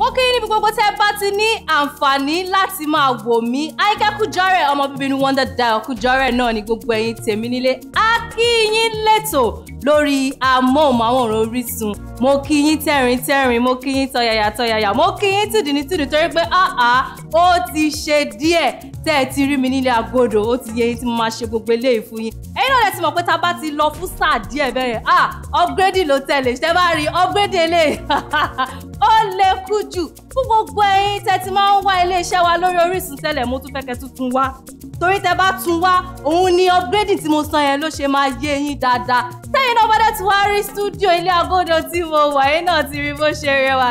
Pô, mo kí níbi gbogbo tẹ́ bá ti ní àǹfààní láti máa wò mí Àyìnkẹ́ Kújọ́rẹ̀ ọmọ bíbí inú Wonder Dial Kújọ́rẹ̀ náà ni gbogbo ẹ̀yin tèmi nílé á kí yín létò lórí amóhùnmáwòrán Orísun mo kí yín tẹ̀rín tẹ̀rín mo kí yín tọ̀yàyà tọ̀yàyà mo kí yín tìdìní tìdì torí pé àá ó ti ṣe díẹ̀ tẹ́ ẹ ti rí mi nílé agodo ó ti yẹ yín tí mo máa ṣe gbogbo eléyìí fún yín ẹ̀yin náà lè ti mọ̀ pé tá bá ti lọ fún sáà díẹ̀ bẹ́ẹ̀ ah upgrade ló tẹ̀lé ṣẹ́ bá rí upgrade eléyìí ó lè kú ju jù fún gbogbo ẹ̀yin tẹ́ ti máa ń wá iléeṣẹ́ wa lórí Orísun tẹ́lẹ̀ mo tún fẹ́ kẹ́ tuntun wá torí tẹ́ bá tún wá òun ni upgrading tí mo san yẹn ló ṣe máa yé yín dáadáa tẹ́yìn náà bọ́dẹ̀ tí wàá rí stúdíò ilé agodo tí mo wà yín náà ti rí bó ṣe rẹwà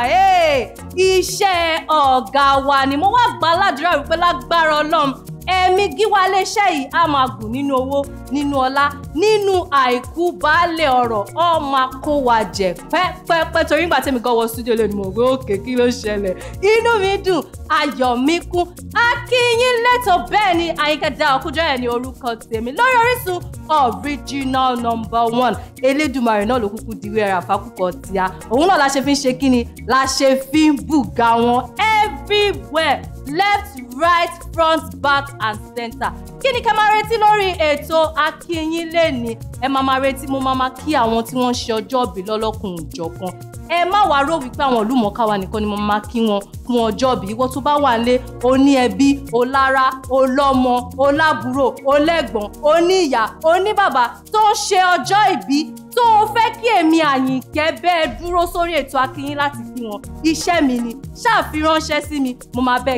iṣẹ́ ọ̀gá wa ni mo wá gbà ládùúrà wípé lágbára Ọlọ́run èmi gíwálé iṣẹ́ yìí á máa gùn nínú owó nínú ọlá nínú àìkú baálẹ̀ ọ̀rọ̀ ọ máa kó wa jẹ pẹ́pẹ́pẹ́ torí nígbà tẹ́mi gan wọ studio lónìí mo rò ókè kí ló ṣẹlẹ̀ inú mi dùn ayọ̀ mi kún akínyín lẹ́tọ̀ bẹ́ẹ̀ ni àyíkẹ́dá ọkújọ́yẹ̀ ni orúkọ tèmi lórí Orísun original number one elédùnmarè náà ló kúkú diwé ẹ̀rọ àfákùkọ tíya òun náà la ṣe fi ń ṣe kíni la ṣe fi ń bùgà wọn everywhere left right front back and center kí ni kẹ́ máa retí lórí ètò akínyìn lẹ́ni ẹ máa máa retí mo máa máa kí àwọn tí wọ́n ń ṣe ọjọ́bí lọ́lọ́kùn ìjọ̀kan ẹ má wàá rò wípé àwọn olùmọ̀ọ́ká wa nìkan ni mo máa kí wọn fún ọjọ́bí ìwọ tó bá wà nílé o ní ẹbí o lára o lọ́mọ o lábúrò o lẹ́gbọ̀n o ní ìyá o ní bàbá tó ń ṣe ọjọ́ ìbí tó o fẹ́ kí èmi àyìnkẹ́ bẹ́ẹ̀ dúró sórí ètò akínyìn láti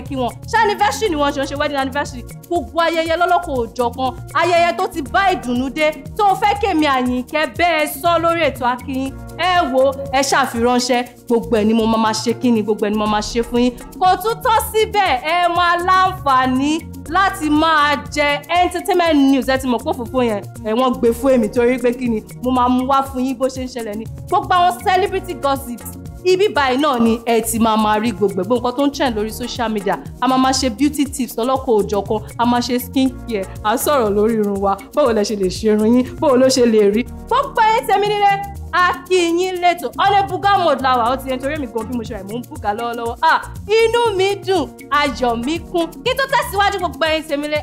k kí wọn ṣé anniversary ni wọ́n ṣe ń ṣe wedding anniversary gbogbo ayẹyẹ lọ́lọ́kọ̀ òjọ̀kan ayẹyẹ tó ti bá ìdùnnú dé tó fẹ́ kèmi àyìnkẹ́ bẹ́ẹ̀ sọ lórí ètò akínyìn ẹ wo ẹ ṣàfiránṣẹ́ gbogbo ẹ̀ ni mo máa ṣe kí ni gbogbo ẹ̀ ni mo máa ṣe fún yín kò tún tọ́ síbẹ̀ ẹ máa láǹfààní láti máa jẹ entertainment news ẹ ti mọ̀ pé òfófó yẹn ẹ̀wọ̀n gbé fún èmi torí pé kí ni mo máa mú wá fún yín bó ṣe ń ṣẹlẹ̀ ni gbogbo àwọn celebrity gossips ibi báyìí náà ni ẹ ti máa máa rí gbogbo ẹgbẹ́ nǹkan tó ń trend lórí social media a máa máa ṣe beauty tips lọ́lọ́kọ̀ òjọ̀kan a máa ṣe skin care à ń sọ̀rọ̀ lórí irun wa báwo lẹ ṣe lè ṣe irun yín báwo ló ṣe lè rí gbogbo ẹ tẹ́mi nílẹ̀ akínyín lẹ́tọ̀ ọlẹ́bùgá mọ̀dúláwà ó ti yẹn torí mi gan bí mo ṣe rẹ̀ mò ń bùgá lọ́wọ́lọ́wọ́ à ah, inú mi dùn ayọ̀ mi kún kí tó tẹ̀síwájú gbogbo ẹyin tèmi lé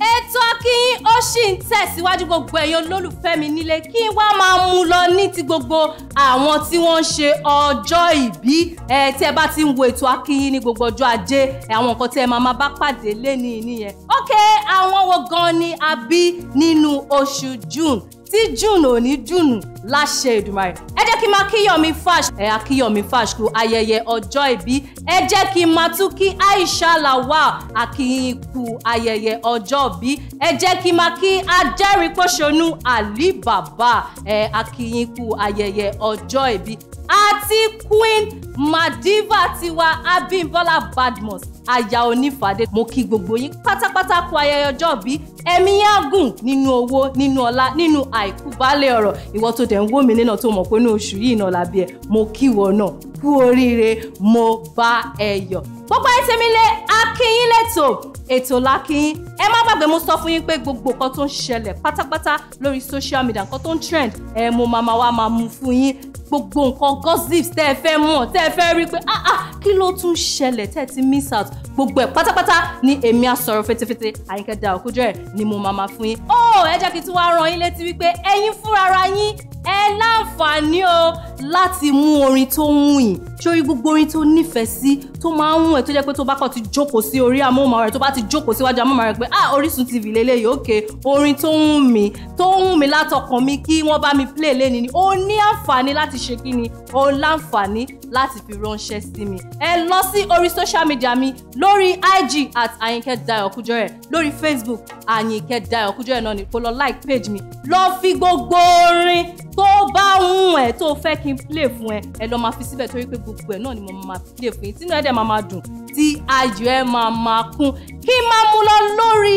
ètò kí ó sì ń tẹ̀síwájú gbogbo ẹ̀yin olólùfẹ́ mi nílé kí wá máa mú lọ ní ti gbogbo àwọn tí wọ́n ń ṣe ọjọ́ ìbí ẹ tí ẹ bá ti ń wo ètò akínyìn ní gbogbo ọjọ́ ajé àwọn nǹkan tí ẹ máa máa bá pàdé lẹ́ni nìyẹn. ok àwọn wo gan ni a bí nínú oṣù June tí June ò ní June láṣẹ Èdùmàrè ẹ jẹ́ kí n máa kíyọ̀mí fash ẹ á kíyọ̀mí fash kú ayẹyẹ ọjọ́ ìbí ẹ jẹ́ kí n máa tún kí Aisha lawa, akíyìn kú ayẹyẹ ọjọ́ ìbí ẹ jẹ́ kí n máa kí ajẹ́rìí pọ́ṣónú Ali Baba ẹ akíyìn ayẹyẹ ọjọ́ ìbí àti queen madiva tiwa abimbola badmus aya onífàdé mo kí gbogbo yín pátápátá kú ayẹyẹ ọjọ́ bí ẹ̀mí yá gùn nínú owó nínú ọlá nínú àìkú baálẹ̀ ọ̀rọ̀ ìwọ tó dẹ̀ ń wò mí nínà tó mọ̀ pé ní oṣù yìí náà làbí ẹ̀ mo kíwọ náà kú oríire mo bá ẹ yọ̀ gbogbo ẹ tẹ́mi lé akínyín lẹ́tọ̀ ètò lákínyín ẹ má gbàgbé mo sọ fún yín pé gbogbo nǹkan tó ń ṣẹlẹ̀ pátápátá lórí social media nǹkan tó ń trend ẹ mo máa ma wá máa mú fún yín gbogbo nǹkan gossip tẹ́ ẹ fẹ́ mọ̀ tẹ́ ẹ fẹ́ rí pé ah ah kí ló tún ṣẹlẹ̀ tẹ́ ẹ ti miss out gbogbo ẹ̀ pátápátá ni èmi àsọ̀rọ̀ fetefete àyínkẹ́ da òkújọ́ ẹ̀ ni mo máa ma fún yín. ó oh, ẹ jẹ́ kí tí wàá rán yín létí wípé ẹ̀yin fúnra ara yín ẹ láǹfààní o láti mú orin tó ń wù yín sórí gbogbo orin tó nífẹ̀ẹ́ sí tó máa ń wù ẹ́ tó jẹ́ pé tó bá kàn ti jókòó sí orí amóhùnmáwòrán rẹ̀ tó bá ti jókòó síwájú amóhùnmáwòrán rẹ̀ pé ah Orísun TV lélẹ́yìí òkè orin tó ń wù mí tó ń wù mí látọkàn mi kí wọ́n bá mi play lẹ́ni ni ó ní àǹfààní láti ṣe kí ni ó láǹfààní láti fi ránṣẹ́ sí mi ẹ lọ sí orí social media mi lórí IG at Àyìnkẹ́ Dayọ̀ Kújọ́rẹ̀ lórí Facebook Àyìnkẹ́ Dayọ̀ Kújọ́rẹ̀ náà ni kó lọ like page mi lọ fi gbogbo orin tó bá ń ẹ̀ tó fẹ́ kí n play fún ẹ ẹ lọ máa fi síbẹ̀ torí pé gbogbo ẹ̀ náà ni mo máa play fún yín tínú ẹ̀ máa máa dùn tí ayọ̀ ẹ̀ máa máa kún kí n máa mú lọ lórí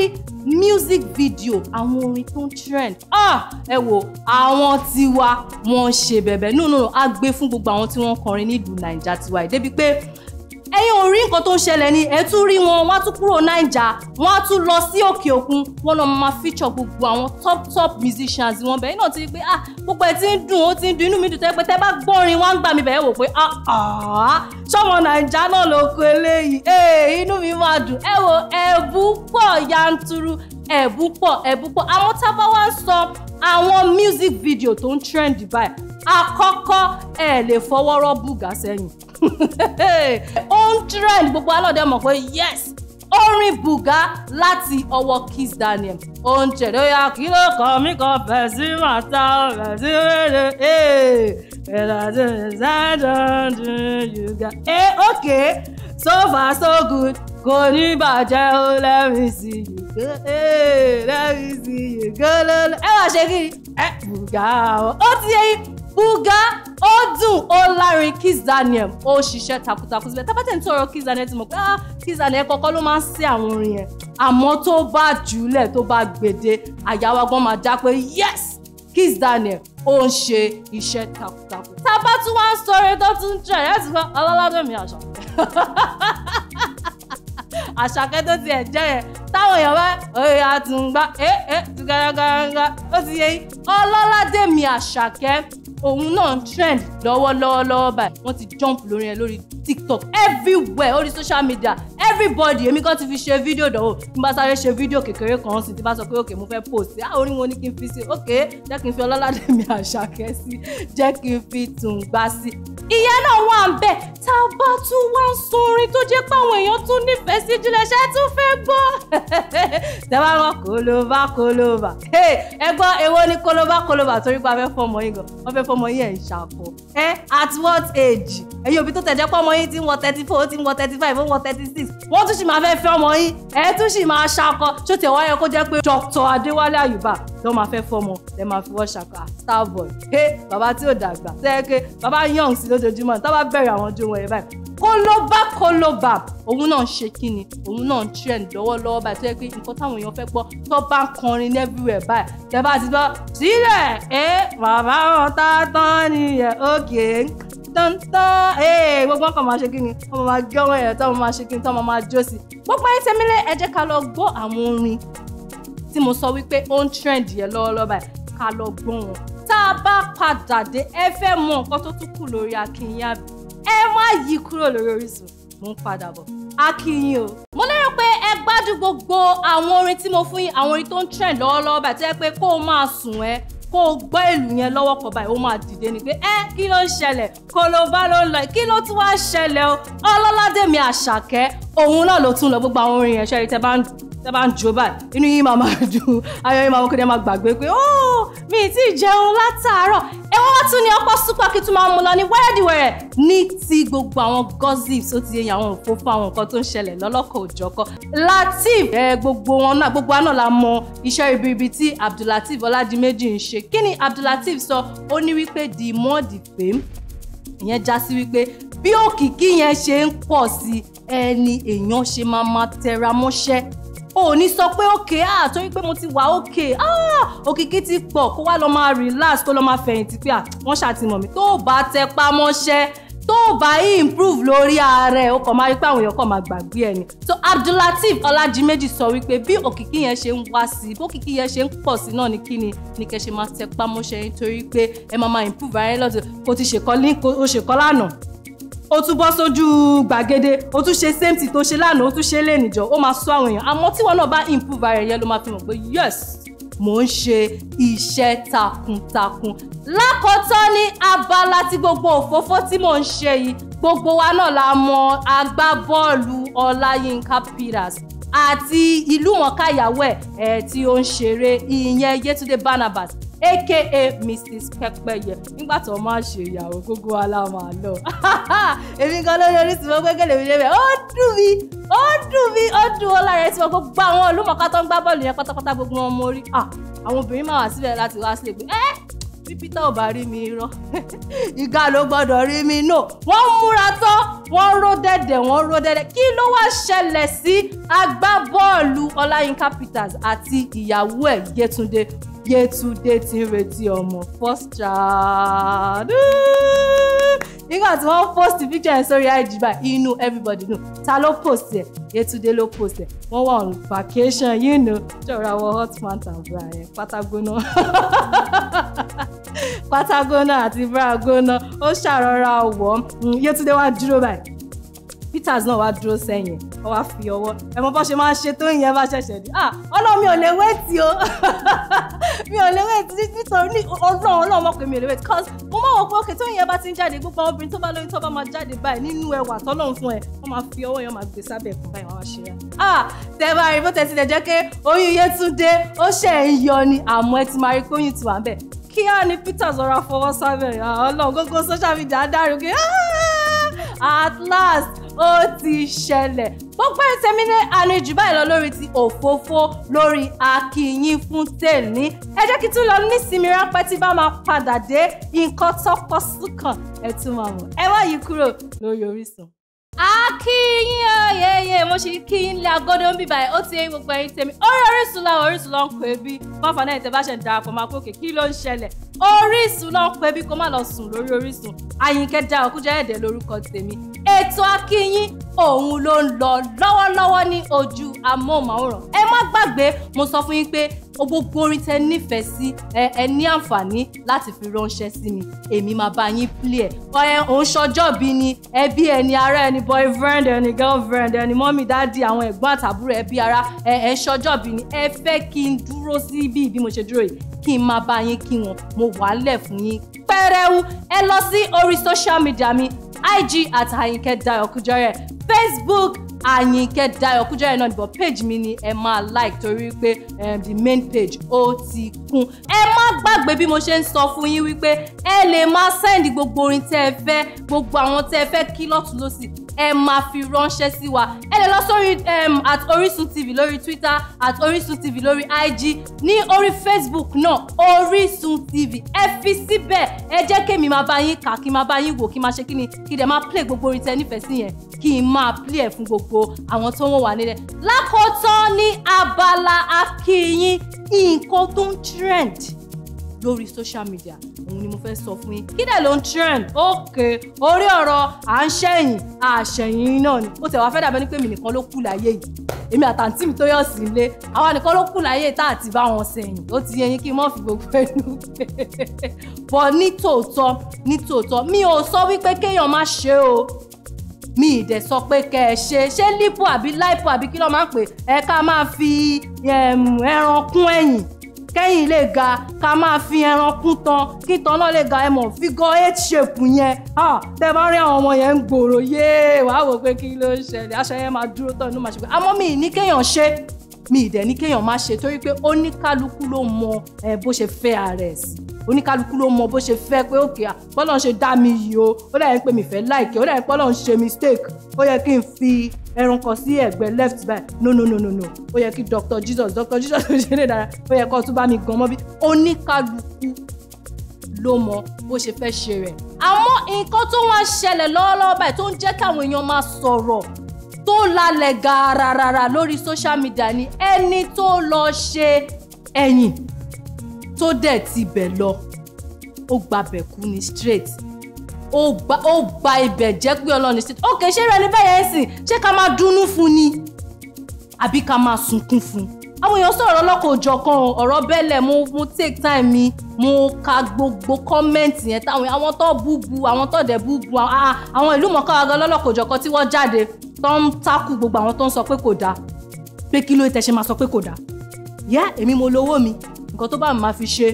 music video àwọn orin tó ń trend ah ẹ wo àwọn tiwa wọn ṣe bẹ̀bẹ̀ no no no a gbé fún gbogbo àwọn tí wọ́n kọrin nílùú nàìjà tiwa ẹ̀ débi pé ẹ̀yin ò rí nǹkan tó ń ṣẹlẹ̀ ni ẹ̀ tún rí wọn wọ́n á tún kúrò Naija wọ́n á tún lọ sí òkè òkun wọ́n lọ máa feature gbogbo àwọn top top musicians wọn bẹ́ẹ̀ náà ti rí pé ah gbogbo ẹ̀ ti ń dùn ó ti ń dùn inú mi dùn tẹ́ pé tẹ́ bá gbọ́rin wọ́n á ń gbà mí bẹ́ẹ̀ wò pé ah ah ṣọ́mọ Naija náà ló kọ eléyìí ee eh, inú mi máa dùn ẹ wo ẹ̀bù pọ̀ yanturu ẹ̀bù pọ̀ ẹ̀bù pọ̀ àwọn tábà wá ń sọ àwọn music video tó ń trend báyìí àkọ́kọ́ ẹ̀ lè fọwọ́rọ́ bùgà sẹ́yìn hundred gbogbo alọ́dẹ mọ̀ pé yes orin buga láti ọwọ́ Kiss Daniel oúnjẹ ló yà kí ló kọ́ mí kan bẹ̀ sí màtá bẹ̀ sí wẹ́rẹ́ ẹ̀ẹ́dàdé ṣáàdọ̀dún yuga. ẹ ok so far so good kò ní bàjẹ́ o let me see you go eh. let me see you go lọ́lọ́ ẹ wá ṣe kí ẹ eh, buga o ó ti yẹ buga ó dùn ó lárin Kiss Daniel ó ṣiṣẹ́ takuntakun síbẹ̀ tábàtẹ̀ ń tọrọ Kiss Daniel ti mọ̀ pé ah Kiss Daniel kọ́kọ́ ló máa ń sí àwọn orin yẹn àmọ́ tó bá jùlẹ̀ tó bá gbèdé àyàwó máa já pé yes Kiss Daniel ó ń ṣe iṣẹ́ takuntakun tábà tún wá ń sọ̀rọ̀ tó tún jẹ́ ẹ̀ ti fọ́ ọlọ́lọ́dún àṣà àṣàkẹ́ tó tiẹ̀ jẹ́ yẹn táwọn èèyàn bá oye àtúngbá ẹ eh, ẹ eh, tùgàràgàràgà ó ti yẹ yín ọlọ́ládé mi àṣàkẹ́ òun náà trend lọ́wọ́lọ́wọ́ lọ́wọ́ báyìí wọ́n ti jump lórí ẹ lórí tiktok everywhere the social media everybody èmi kan ti fi ṣe fídíò dánwò tí bá sáré ṣe fídíò kékeré kan sí tí bá sọ pé òkè mo fẹ́ post á orí wọn ni kí n fi sí òkè jẹ́ kí n fi ọlọ́ládẹ́mi àṣàkẹ́ sí jẹ́ kí n fi tún gbá sí. ìyẹn náà wà ń bẹ tá a bá tún wá ń sọrin tó jẹ́ pé àwọn èèyàn tún nífẹ̀ẹ́ sí jùlẹ̀ ṣe tún fẹ́ gbọ́. tẹ́wá wọn kólóbá kólóbá ẹ gbọ́ èwo ni kólóbá kólóbá torí pé a fẹ́ fọmọ yín gan wọ́n fẹ́ fọmọ yín ẹ̀ ń ṣàkó ẹ at what age ẹ̀yin òbí tó tẹ̀ jẹ́ pọ́mọ yín ti ń wọ thirty four ó ti ń wọ thirty five ó ń thirty six wọ́n tún sì máa fẹ́ fẹ́ ọmọ yín ẹ tún sì máa ṣakọ tó tẹ̀ wáyé kó jẹ́ pé Dr. Adéwálé Àyùbá ló máa fẹ́ fọmọ lẹ́ máa fi wọ́n ṣakọ ah, Starboy ké bàbá tí ò dàgbà sẹ́ẹ̀kẹ́ bàbá young sí lójoojúmọ́ tá bá bẹ̀rẹ̀ àwọn ojú wọn yẹn báyìí kólóbá kólóbá òun náà ṣe kíni òun náà trend lọ́wọ́lọ́wọ́ báyìí tó yẹ pé nǹkan táwọn èèyàn fẹ́ gbọ́ tó bá ń kọrin everywhere báyìí tẹ́ bá ti gbọ́ sílẹ̀ ẹ bàbá wọn tá tán nìyẹn ókè dantan ee gbogbo nǹkan máa ṣe kí ni wọ́n máa gé ọmọ yẹn tó wọ́n máa ṣe kí ni tó wọ́n máa jó sí gbogbo ayé tẹ́mílẹ̀ ẹ jẹ́ ká lọ gbọ́ àwọn orin tí mo sọ wípé ó ń trend yẹn lọ́wọ́lọ́wọ́ báyìí ká lọ gbọ́ wọn tá a bá padà dé ẹ fẹ́ mọ nǹkan tó tún kù lórí akínyìn àbí ẹ má yí kúrò lórí Orísun mo ń padà bọ̀ akínyìn o. mo lérò pé ẹ gbádùn gbogbo àwọn orin tí mo fún yín àwọn orin tó ń trend lọ́wọ́lọ́wọ́ báyìí tó yẹ pé kó o máa sùn ẹ́ kó o gbọ́ ìlú yẹn lọ́wọ́ kan báyìí ó máa dìde ni pé ẹ kí ló ń ṣẹlẹ̀ kólóbá ló ń lọ kí ló tún wá ṣẹlẹ̀ o ọlọ́ládé mi àṣàkẹ́ òun náà ló tún lọ gbogbo àwọn orin yẹn ṣẹ́rí tẹ́ bá ń dùn tẹ́ bá ń jó báyìí inú yín máa máa dùn ayọ̀ yín máa wọ́n kéde máa gbàgbé pé óò mi ì tí ì jẹun látàárọ̀ ẹ wọ́n tún ní ọ̀pọ̀ súpà kí tún máa mú lọ ní wẹ́rẹ́dìwẹ̀rẹ́ ní ti gbogbo àwọn gossip tó ti yẹ àwọn òfófó àwọn nǹkan tó ń ṣẹlẹ̀ lọ́lọ́kọ̀ òjọ̀kọ̀ Lateef ẹ gbogbo wọn náà gbogbo àná la mọ iṣẹ́ ribiribi tí Abdulateef Ọládìméjì ń ṣe kí ni Abdulateef sọ ó ní wípé the more the fame ìyẹn já sí wípé bí òkìkí yẹn ṣe ń pọ̀ sí ẹni èèyàn ṣe máa máa tẹra o ní sọ pé òkè à ah, torí pé mo ti wà òkè ah, òkìkí ti pọ̀ kó wá lọ máa relax kó lọ máa fẹ̀yìntì pé à ah, wọ́n ṣàtìmọ̀ mi tó o bá tẹpá mọ́ṣẹ́ tó o bá improve lórí ara ẹ̀ o kàn máa rí pé àwọn èèyàn kàn máa gbàgbé ẹ̀ ni so Abdulateef Ọlájíméjì sọ wípé bí òkìkí yẹn ṣe ń wá sí i bókìkí yẹn ṣe ń pọ̀ sí náà ni kí ni ni kẹ́ ṣe máa tẹpá mọ́ṣẹ́ pé ẹ máa máa improve ara ẹ lọ́dọ̀ kó ti ṣèkọ́ lánàá ó tún bọ́ sójú gbàgede ó tún ṣe same thing tó ṣe lánàá ó tún ṣe lé ó máa sọ àwọn èèyàn àmọ́ tí wọn náà bá improve ara ẹ̀yẹ ló máa fi hàn pé yes mò ń ṣe iṣẹ́ takuntakun lákọ̀ọ́tán ní abala tí gbogbo òfófó tí mò ń ṣe yìí gbogbo wa náà la mọ agbábọ́ọ̀lù ọláyínká pillars àti ìlú mọ̀ọ́ká ìyàwó ẹ̀ tí ó ń ṣeré ìyẹn yétúndé barnabas aka mrs pẹpẹyẹ nígbà tó máa ṣe ìyàwó gbogbo ala máa lọ èmi gan lórí Orísun mọ gbẹgẹlẹ mi lébẹ ó dùn mí ó dùn mí ó dùn ó lára ẹsìn gbogbo àwọn olùmọ̀ọ́ká tó ń gbá bọ́ọ̀lù yẹn pátápátá gbogbo wọn mo rí àwọn obìnrin máa wà síbẹ̀ láti wá sílẹ̀ pé ẹ́ tí peter ò bá rí mi irọ́ ìgá ló gbọ́dọ̀ rí mi nò wọ́n múra tán wọ́n ró dẹ̀dẹ̀ wọ́n ró dẹ̀dẹ̀ kí ló wá ṣẹlẹ̀ sí agbábọ́ọ̀lù ọláyínká peters àti ìyàwó ẹ̀ yétúndé yétúndé tí ń retí ọmọ first child nígbà tí wọ́n post picture yẹn sórí IG báyìí inú everybody nù ta ló post ẹ̀ Yétúndé ló post ẹ̀ wọ́n wà on vacation yìí nù jọ̀rọ̀ àwọn hot man and bra yẹn pátágónà pátágónà àti bra gónà ó ṣàrọ̀ra wọ̀ mm, Yétúndé wá dúró báyìí Peters náà wá dúró sẹ́yìn ọ wá fi ọwọ́ ẹ mọ bó ṣe máa ṣe tó ìyẹn bá ṣẹ̀ṣẹ̀ dé ah ọlọ́run mi ò lè wéètì o mi ò lè wéètì nítorí ọlọ́run ọlọ́run mọ̀pẹ́ mi ò lè wéètì cause mo mọ̀ wọ́n pé òkè tó ìyẹn bá ti ń jáde gbogbo obìnrin tó bá lóyún tó bá máa jáde báyìí nínú ẹwà tọ́lọ́run fún ẹ wọ́n máa fi ọwọ́ yẹn máa gbé sábẹ́ ẹ̀kún báyìí wọ́n máa ṣe é ah tẹ bá rí bó tẹ tilẹ̀ jẹ́ pé oyún Yétúndé ó ṣẹ̀ ń yọ ni àmọ́ ẹ ti máa rí pé oyún ti wà ń bẹ̀ kíá ni Peter Zora fọwọ́ sábẹ̀ ah, ọlọ́run gógó social media adárugi ah, at last ó ti ṣẹlẹ̀ gbogbo ẹsẹ̀ mi ní àlejò báyìí lọ lórí ti òfófó lórí akínyìn fún tèmi ẹ jẹ́ kí n tún lọ nísinmi ráńpẹ́ tí bá máa padà dé nǹkan tọ́pọ̀ sùkàn ẹ tún máa mọ̀ ẹ wá yìí kúrò lórí Orísun akínyìn oyeye oh, mo ṣe kí n lé agodo ń bíbá ẹ ó ti yẹ gbogbo ẹyin tèmi orí Orísun láwọn Orísun ló ń kọ ebi wọn fà náà ṣe ń darapọ̀ máa kókè kí ló ń ṣẹlẹ̀ orísun lọ pẹ́ bí kò má lọ sùn lórí orísun àyìnkẹ́ da òkújẹ́ ẹ̀dẹ̀ lórúkọ tèmi ètò akínyìn òun ló ń lọ lọ́wọ́lọ́wọ́ ní ojú amóhùnmáwòrán ẹ má gbàgbé mo sọ fún yín pé gbogbo orin tẹ nífẹ̀ẹ́ sí ẹ ẹ ní àǹfààní láti fi ránṣẹ́ sí mi èmi máa bá yín play ẹ̀ ẹ òun ṣọjọ́ bí ni ẹbí ẹni ará ẹni boyfriend ẹni girlfriend ẹni mọ́mí dáàdì àwọn ẹ̀gbọ́n àtàbúrò ẹbí ara ẹ ẹ ṣọjọ́ bí ni ẹ fẹ́ kí n dúró sí bí bí mo ṣe dúró yìí kí n máa bá yín kí wọn mo wà á lẹ̀ fún yín pẹ́rẹ́wu ẹ lọ sí orí social media mi IG at Àyìnkẹ́ Facebook Àyìnkẹ́ Dayọ̀ Kújẹ́rẹ́ náà nìbọn page mi ni ẹ máa like torí pé um, the main page ó ti kún ẹ má gbàgbé bí mo ṣe ń sọ fún yín wípé ẹ lè máa send gbogbo orin tẹ́ ẹ fẹ́ gbogbo àwọn tẹ́ ẹ fẹ́ kí lọ́tún lọ́sì ẹ máa fi ránṣẹ́ sí wa ẹ lè lọ sórí at Orisun TV lórí Twitter at Orisun TV lórí IG ní orí Facebook náà Orisun TV ẹ fi síbẹ̀ ẹ jẹ́ kémi máa bá yín kà kí máa bá yín wò kí máa ṣe kí ni kí dẹ̀ máa play gbogbo orin tẹ nífẹ̀ẹ́ sí yẹn kí n máa play ẹ̀ fún gbogbo àwọn tó wọ́n wà nílẹ̀ lákòótán ní abala akíyín nǹkan tó ń trend lórí social media òun ni mo fẹ́ sọ fún yín kí dẹ̀ ló ń trend ókè orí ọ̀rọ̀ à ń ṣẹ̀yìn àṣẹ̀yìn náà ni ó tẹ̀ wá fẹ́ dàbẹ́ pé mi nìkan ló kù láyé yìí èmi àtàǹtí mi tó yọ̀ sí ilé àwa nìkan ló kù láyé tá àti bá wọn sẹ̀yìn ó ti yẹ kí n mọ̀ fi gbogbo ẹnu bọ̀ ní tòótọ́ ní tòótọ́ mi ò sọ wípé kéèyàn má ṣe o mi ìdẹ̀ sọ pé kẹ́ ẹ ṣe ṣé lipo àbí laipo àbí kí ló máa ń pè ẹ ká máa fi ẹran kún ẹ̀yìn kẹ́yìn lè ga ká máa fi ẹran kún tán kí tán náà lè ga ẹ mọ̀ fígọ́ eight shape yẹn tẹ bá rí àwọn ọmọ yẹn ń gbòòrò yéé wàá wò pé kí ló ń ṣẹlẹ̀ aṣọ yẹn máa dúró tán inú máa ṣe pé àmọ́ mi ì ní kéèyàn ṣe mi ì dẹ̀ ní kéèyàn má ṣe torí pé oníkálukú ló mọ bó ṣe fẹ́ ara ẹ̀ sí oníkálukú ló mọ bó ṣe fẹ́ pé òkè bọ́lọ̀ ṣe dá mi yìí o ó dà yẹn pé mi fẹ́ láìkẹ́ ó dà yẹn pé ṣe mistake ó yẹ kí n fi ẹran kan sí ẹ̀gbẹ́ left báyìí no no no no no ó yẹ kí Dr Jesus Doctor, Jesus ló ṣe lè dára ó yẹ kó tún bá mi gan mọ́ bí oníkálukú ló mọ bó ṣe fẹ́ ṣe rẹ̀ àmọ́ nǹkan tó wá ṣẹlẹ̀ lọ́wọ́lọ́wọ́ báyìí tó ń jẹ́ káwọn èèyàn máa sọ̀rọ̀ tó lálẹ́ gàràràrà lórí social media ni ẹni tó lọ ṣe ẹ̀yìn tó dẹ̀ ti bẹ̀ lọ ó gbabẹ̀ kú ni straight ó ba ó ba ibẹ̀ jẹ́ pé ọlọ́run ṣe ok ṣé rẹ ní bẹ́ẹ̀ yẹn sìn ṣé ká máa dunnú fún ni àbí ká máa sunkún fún àwọn èèyàn sọ̀rọ̀ ọlọ́kọ̀ òjọ̀kan ọ̀rọ̀ bẹ́lẹ̀ mo mo take time mi mo ka gbogbo kọ́mẹ́ǹtì yẹn táwọn àwọn tó búbu àwọn tó dẹ̀ búbu àwọn ìlú mọ̀ọ́ká wa gan lọ́lọ́kọ̀ òjọ̀kan tí wọ́n jáde tó ń takú gbogbo àwọn tó ń sọ pé kò dáa pé kí ló tẹ̀ ṣe máa sọ pé kò dáa yẹ́ èmi mo lówó mi nǹkan tó bá mi máa fi ṣe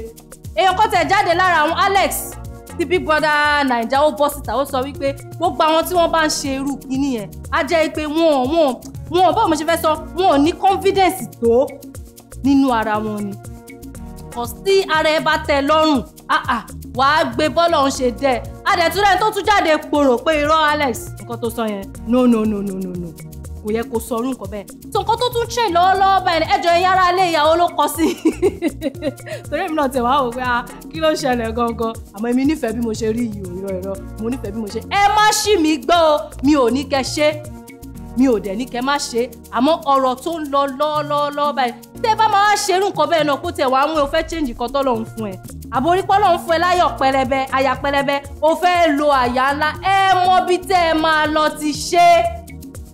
èèyàn kan tẹ̀ jáde lára àwọn Alex ní big brother naija ó bọ́ síta ó sọ wípé gbogbo àwọn tí wọ́n bá ń ṣe irú kìíní yẹn á jẹ́ pé wọ́n wọ́n wọ́n báwo mo ṣe fẹ́ sọ wọ́n ní confidence tó nínú ara wọn ni kò sí ara ẹ bá tẹ lọ́rùn wàá gbé bọ́ọ̀lù ń ṣe dẹ́ adẹ̀túrẹ́ tó tún jáde pòrò pé irọ́ Alex nǹkan tó sọ yẹn no no no no no no kò yẹ kó sọ ọdún kan bẹ́ẹ̀. tó nǹkan tó tún ṣe lọ́wọ́lọ́wọ́ báyìí ẹjọ́ ẹ̀yìn ilé ìyàwó ló kọ sí torí èmi náà tẹ̀ wò pé a ah, kí ló ń ṣẹlẹ̀ gangan àmọ́ èmi nífẹ̀ẹ́ bí mo ṣe rí ìyò ìrọ̀ ìrọ̀ mo nífẹ̀ẹ́ bí mo ṣe ẹ má ṣì mí gbọ́ o mi ò ní kẹ́ ṣe mi ò dẹ̀ ní kẹ́ má ṣe àmọ́ ọ̀rọ̀ tó ń lọ lọ́ọ́lọ́ọ́lọ́ọ́ báyìí tẹ́ bá máa ṣe irú nǹkan bẹ́ẹ̀ náà kó tẹ̀ wá mú o fẹ́ change nǹkan tọ́lọ́run fún ẹ àborípọ́ lọ́run fún ẹ láyọ̀ pẹlẹbẹ àyà pẹlẹbẹ o fẹ́ lo àyà ńlá ẹ mọ bí tẹ́ ẹ máa lọ ti ṣe é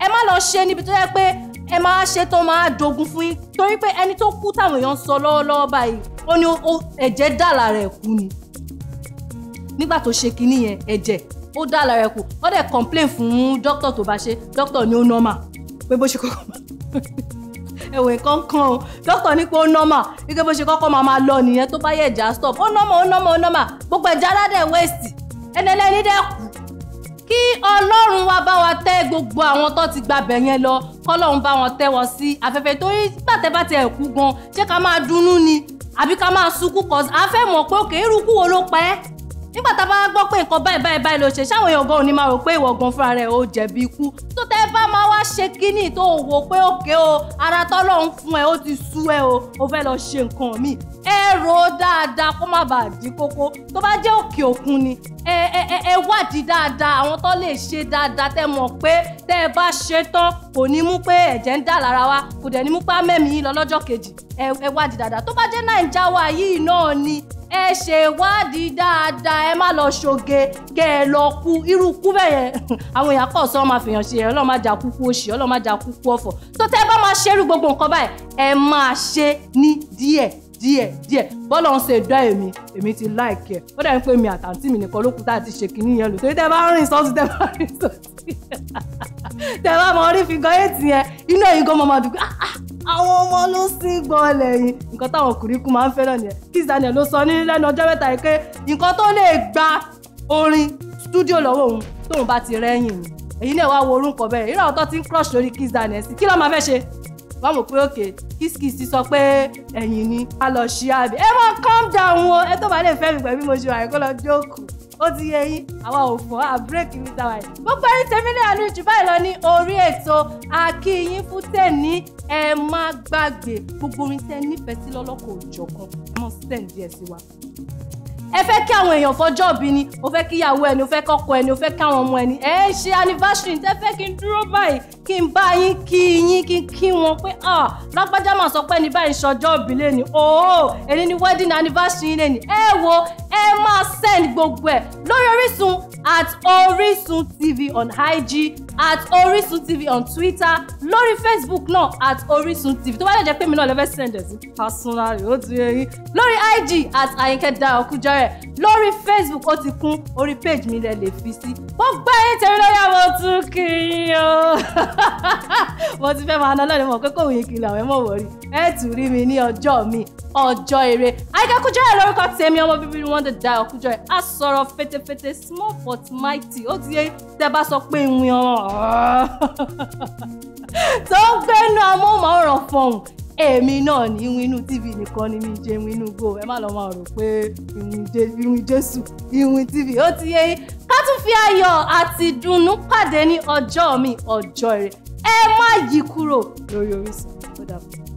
ẹ má lọ ṣe níbi tó yẹ pé ẹ máa ṣe tó máa dogun fún yín torí pé ẹni tó kú táwọn èèyàn ń sọ lọ́wọ́lọ́wọ́ báyìí ó ní ẹ̀jẹ̀ dà lára ẹ̀ kú ni nígbà tó ṣe kinní yẹn ẹ̀jẹ̀ ó dà lára ẹ̀ kú ó dẹ̀ complain fún dókítà tó bá ṣe dókítà ní ó nọ́mà pé bó ṣe kọ́kọ́ ẹ̀wẹ̀ kankan o dókítà ní pé ó nọ́mà wípé bó ṣe kọ́kọ́ máa máa lọ nìyẹn tó bá yẹ ẹ̀já stop ó nọ́mà ó nọ́mà ó nọ́mà gbogbo ẹ̀já aládẹ̀ waste ẹnẹlẹ́ni dẹ̀ kí ọlọ́run wá bá wa tẹ́ gbogbo àwọn tó ti gbàbẹ̀ yẹn lọ kọ́lọ́run bá wọn tẹ́ wọn sí afẹ́fẹ́ torí gbàtẹ́ bá ti ẹ̀kú gan ṣé ká máa dunnú ni àbí ká máa sunkún cause a mọ̀ pé òkè irú kú wo ló pa nígbà tá a bá gbọ́ pé nǹkan báyìí báyìí báyìí ló ṣe ṣáwọn èèyàn gan ò ní máa rò pé ìwọ gan fúnra rẹ̀ ó jẹ̀bi ikú tó tẹ́ bá máa wá ṣe kínní tó o wò pé òkè o ara tọ́lọ̀ ń fún ẹ ó ti sú ẹ o ó fẹ́ lọ ṣe nǹkan míì ẹ rò ó dáadáa kó má bàa di kókó tó bá jẹ́ òkè òkun ni ẹ ẹ ẹ wádìí dáadáa àwọn tó lè ṣe dáadáa tẹ́ mọ̀ pé tẹ́ ẹ bá ṣe tán kò ní mú pé ẹ̀jẹ̀ ń dà lára wa kò dẹ̀ ní mú pé amẹ́mi lọ lọ́jọ́ kejì ẹ wádìí dáadáa tó bá jẹ́ nàìjíríà wa yìí náà ni ẹ ṣe ìwádìí dáadáa ẹ má lọ ṣoge kẹ ẹ lọ kú irú kú bẹ́ẹ̀ yẹn àwọn èèyàn kọ̀ sọ́ máa fìyàn ṣe ọlọ́run má jà kúkú òṣì ọlọ́run má jà kúkú ọ̀fọ̀ tó tẹ́ ẹ bá máa ṣerú gbogbo nǹkan báyìí ẹ máa ṣe ní díẹ̀ díẹ̀ díẹ̀ bọ́lá ń ṣe dá èmi èmi ti láìkí ẹ̀ ó dàbí pé mi àtàntí mi nìkan ló kú tá a ti ṣe kínní yẹn lò torí tẹ bá rìn sọ́ọ̀tì tẹ bá rìn sọ́ọ̀tì tẹ bá mọ orí fi gan ètì yẹn inú ẹ̀yìn gan mọ̀mọ́ dùkú ah, ah, àwọn ọmọ ló sí gan lẹ́yìn nǹkan táwọn ọkùnrin kú máa ń fẹ́ náà nìyẹn kí Daniel ló sọ ní lẹ́nu ọjọ́ mẹ́ta yìí pé nǹkan tó lè gba orin stúdíò lọ́wọ́ òun tóun bá ti rẹ́yìn èyí náà wá wo orúkọ bẹ́ẹ̀ ìrọ̀ tó ti ń crush lórí Kiss Daniel sí kí ló máa fẹ́ ṣe wọ́n mọ̀ pé òkè kìsìkìsì sọ pé ẹ̀yìn ni a lọ ṣí àbí ẹ máa calm down o ẹ tó bá lè fẹ́ mi pẹ̀lú bí mo ṣe wà kó lọ jókòó ó ti yẹ yín àwa ò fọ́ àbúrẹ́kì mi tàwa yìí gbogbo ẹ̀yin tèmi ní àánú jù báyìí lọ ní orí ètò akíyín fún tẹ̀ní ẹ má gbàgbé gbogbo orin tẹ nífẹ̀ẹ́ sí lọ́lọ́kọ̀ òjọ̀kan mọ́ sẹ́ǹdì ẹ̀ sí wa ẹ fẹ́ kí àwọn èèyàn fọjọ́ bí ni o fẹ́ kí ìyàwó ẹni o fẹ́ kọ́kọ ẹni o fẹ́ kí àwọn ọmọ ẹni ẹ ń ṣe anniversary tẹ́ fẹ́ kí n dúró báyìí kí n bá yín kí yín kí n kí wọn pé ah lágbájá mà sọ pé ẹni báyìí ṣọjọ́ bí lẹ́ni ooo èyí ni wedding anniversary lẹ́ni ẹ wo ẹ máa send gbogbo ẹ̀ lórí Orísun at Orísun TV on IG at Orísun TV on Twitter lórí Facebook náà at Orísun TV tó bá dẹ̀ jẹ́ pé mi náà lè fẹ́ send ẹ̀ sí personal ó ti yẹ lórí IG at Àyìnkẹ́ Dayọ̀ Kújọrẹ̀ lórí Facebook ó ti kún orí page mi lẹ lè fi sí gbogbo ẹ̀yin tẹ̀rí lórí àwọn tún kì í yín mo ti fẹ́ máa ná náà ni mo kókó òye kìlọ̀ àwọn ẹ̀mọ́ wòrí ẹ tù rí mi ní ọjọ́ mi ọjọ́ eré Àyìnkẹ́ Kújọrẹ̀ lórúkọ tèmi ọmọ bíbí ni wọ́n ti da ọkújọ́ ẹ̀ á sọ̀rọ̀ fetefete small but mighty ó ti yé tẹ́ bá sọ pé ìwìn ọmọ tó ń gbẹ́nu amóhùnmáwòrán fọ̀hún èmi náà ní ìwìn inú tv nìkan ni mi jẹ ìwìn inú go ẹ má lọ máa rò pé ìwìn jésù ìwìn tv ó ti yé ká tún fi ayọ̀ àti ìdùnnú pàdé ní ọjọ́ mi ọjọ́ rẹ̀ ẹ má yí kúrò lórí Orísun